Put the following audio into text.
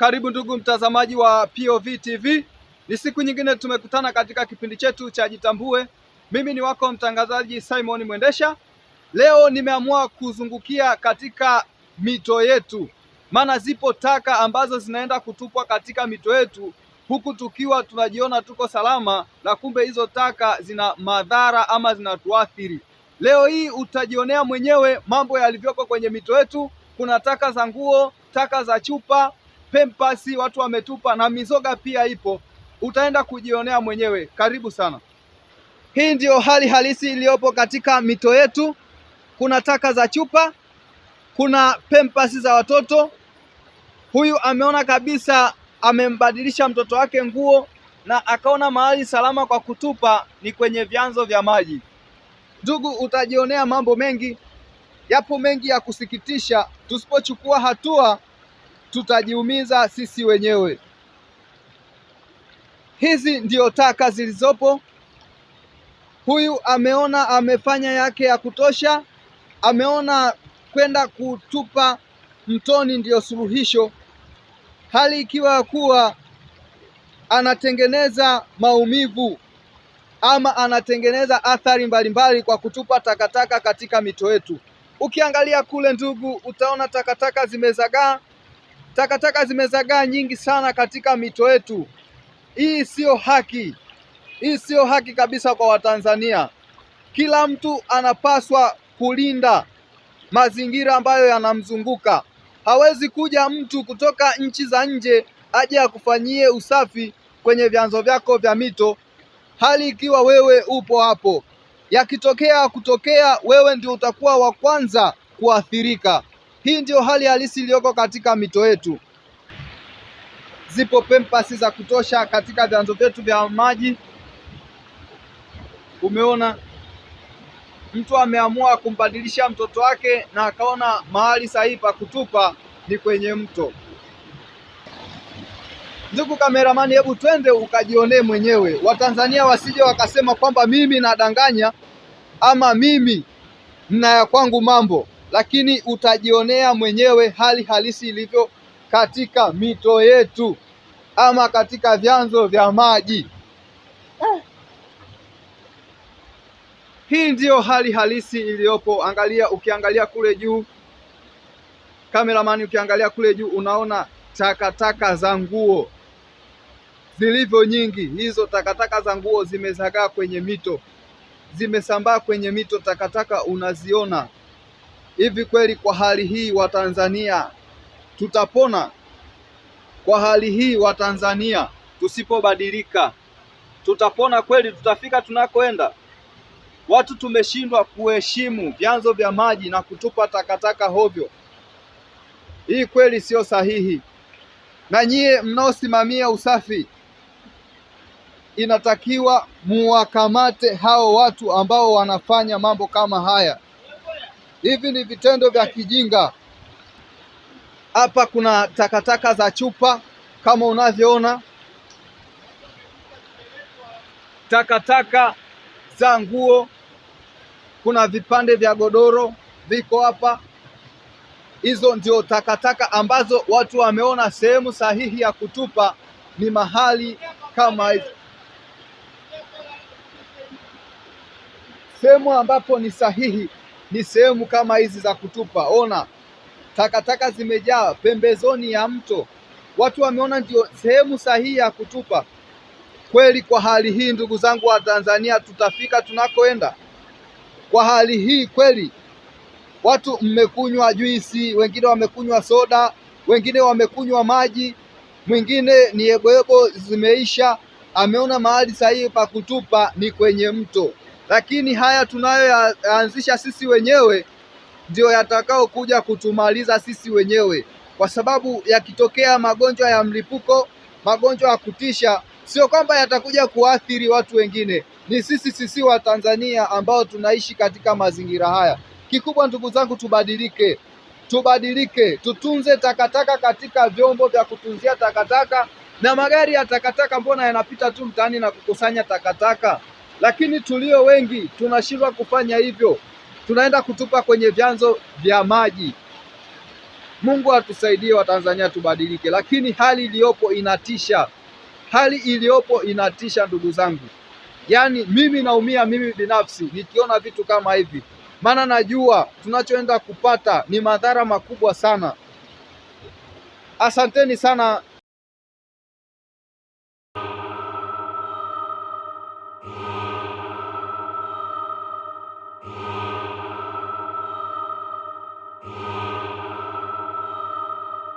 Karibu ndugu mtazamaji wa POV TV, ni siku nyingine tumekutana katika kipindi chetu cha Jitambue. Mimi ni wako mtangazaji Simon Mwendesha. Leo nimeamua kuzungukia katika mito yetu, maana zipo taka ambazo zinaenda kutupwa katika mito yetu, huku tukiwa tunajiona tuko salama, na kumbe hizo taka zina madhara ama zinatuathiri. Leo hii utajionea mwenyewe mambo yalivyoko kwenye mito yetu. Kuna taka za nguo, taka za chupa pempasi watu wametupa na mizoga pia ipo, utaenda kujionea mwenyewe. Karibu sana. Hii ndiyo hali halisi iliyopo katika mito yetu. Kuna taka za chupa, kuna pempasi za watoto. Huyu ameona kabisa amembadilisha mtoto wake nguo na akaona mahali salama kwa kutupa ni kwenye vyanzo vya maji. Ndugu, utajionea mambo mengi, yapo mengi ya kusikitisha tusipochukua hatua tutajiumiza sisi wenyewe. Hizi ndio taka zilizopo. Huyu ameona amefanya yake ya kutosha, ameona kwenda kutupa mtoni ndiyo suluhisho, hali ikiwa kuwa anatengeneza maumivu ama anatengeneza athari mbalimbali kwa kutupa takataka katika mito yetu. Ukiangalia kule, ndugu, utaona takataka zimezagaa Takataka zimezagaa nyingi sana katika mito yetu. Hii siyo haki, hii siyo haki kabisa kwa Watanzania. Kila mtu anapaswa kulinda mazingira ambayo yanamzunguka. Hawezi kuja mtu kutoka nchi za nje aje akufanyie usafi kwenye vyanzo vyako vya mito, hali ikiwa wewe upo hapo. Yakitokea kutokea, wewe ndio utakuwa wa kwanza kuathirika. Hii ndio hali halisi iliyoko katika mito yetu. Zipo pempasi za kutosha katika vyanzo vyetu vya maji. Umeona, mtu ameamua kumbadilisha mtoto wake na akaona mahali sahihi pa kutupa ni kwenye mto. Ndugu kameramani, hebu twende ukajionee mwenyewe. Watanzania wasije wakasema kwamba mimi nadanganya ama mimi na ya kwangu mambo lakini utajionea mwenyewe hali halisi ilivyo katika mito yetu ama katika vyanzo vya maji eh. Hii ndiyo hali halisi iliyopo. Angalia, ukiangalia kule juu, kameramani, ukiangalia kule juu unaona takataka za nguo zilivyo nyingi. Hizo takataka za nguo zimezagaa kwenye mito, zimesambaa kwenye mito, takataka unaziona. Hivi kweli kwa hali hii Watanzania tutapona? Kwa hali hii Watanzania tusipobadilika tutapona kweli? Tutafika tunakoenda? Watu tumeshindwa kuheshimu vyanzo vya maji na kutupa takataka hovyo. Hii kweli sio sahihi. Na nyie mnaosimamia usafi, inatakiwa muwakamate hao watu ambao wanafanya mambo kama haya. Hivi ni vitendo vya kijinga. Hapa kuna takataka za chupa kama unavyoona, takataka za nguo, kuna vipande vya godoro viko hapa. Hizo ndio takataka ambazo watu wameona sehemu sahihi ya kutupa ni mahali kama hizi, sehemu ambapo ni sahihi ni sehemu kama hizi za kutupa. Ona takataka zimejaa pembezoni ya mto, watu wameona ndio sehemu sahihi ya kutupa. Kweli kwa hali hii, ndugu zangu wa Tanzania, tutafika tunakoenda? Kwa hali hii kweli, watu mmekunywa juisi, wengine wamekunywa soda, wengine wamekunywa maji, mwingine ni yeboyebo zimeisha. Ameona mahali sahihi pa kutupa ni kwenye mto lakini haya tunayoyaanzisha sisi wenyewe ndio yatakaokuja kutumaliza sisi wenyewe, kwa sababu yakitokea magonjwa ya mlipuko, magonjwa ya kutisha, sio kwamba yatakuja kuathiri watu wengine, ni sisi sisi wa Tanzania ambao tunaishi katika mazingira haya. Kikubwa ndugu zangu, tubadilike, tubadilike, tutunze takataka katika vyombo vya kutunzia takataka, na magari ya takataka mbona yanapita tu mtaani na kukusanya takataka? lakini tulio wengi tunashindwa kufanya hivyo, tunaenda kutupa kwenye vyanzo vya maji. Mungu atusaidie Watanzania tubadilike, lakini hali iliyopo inatisha. Hali iliyopo inatisha ndugu zangu, yaani mimi naumia mimi binafsi nikiona vitu kama hivi, maana najua tunachoenda kupata ni madhara makubwa sana. Asanteni sana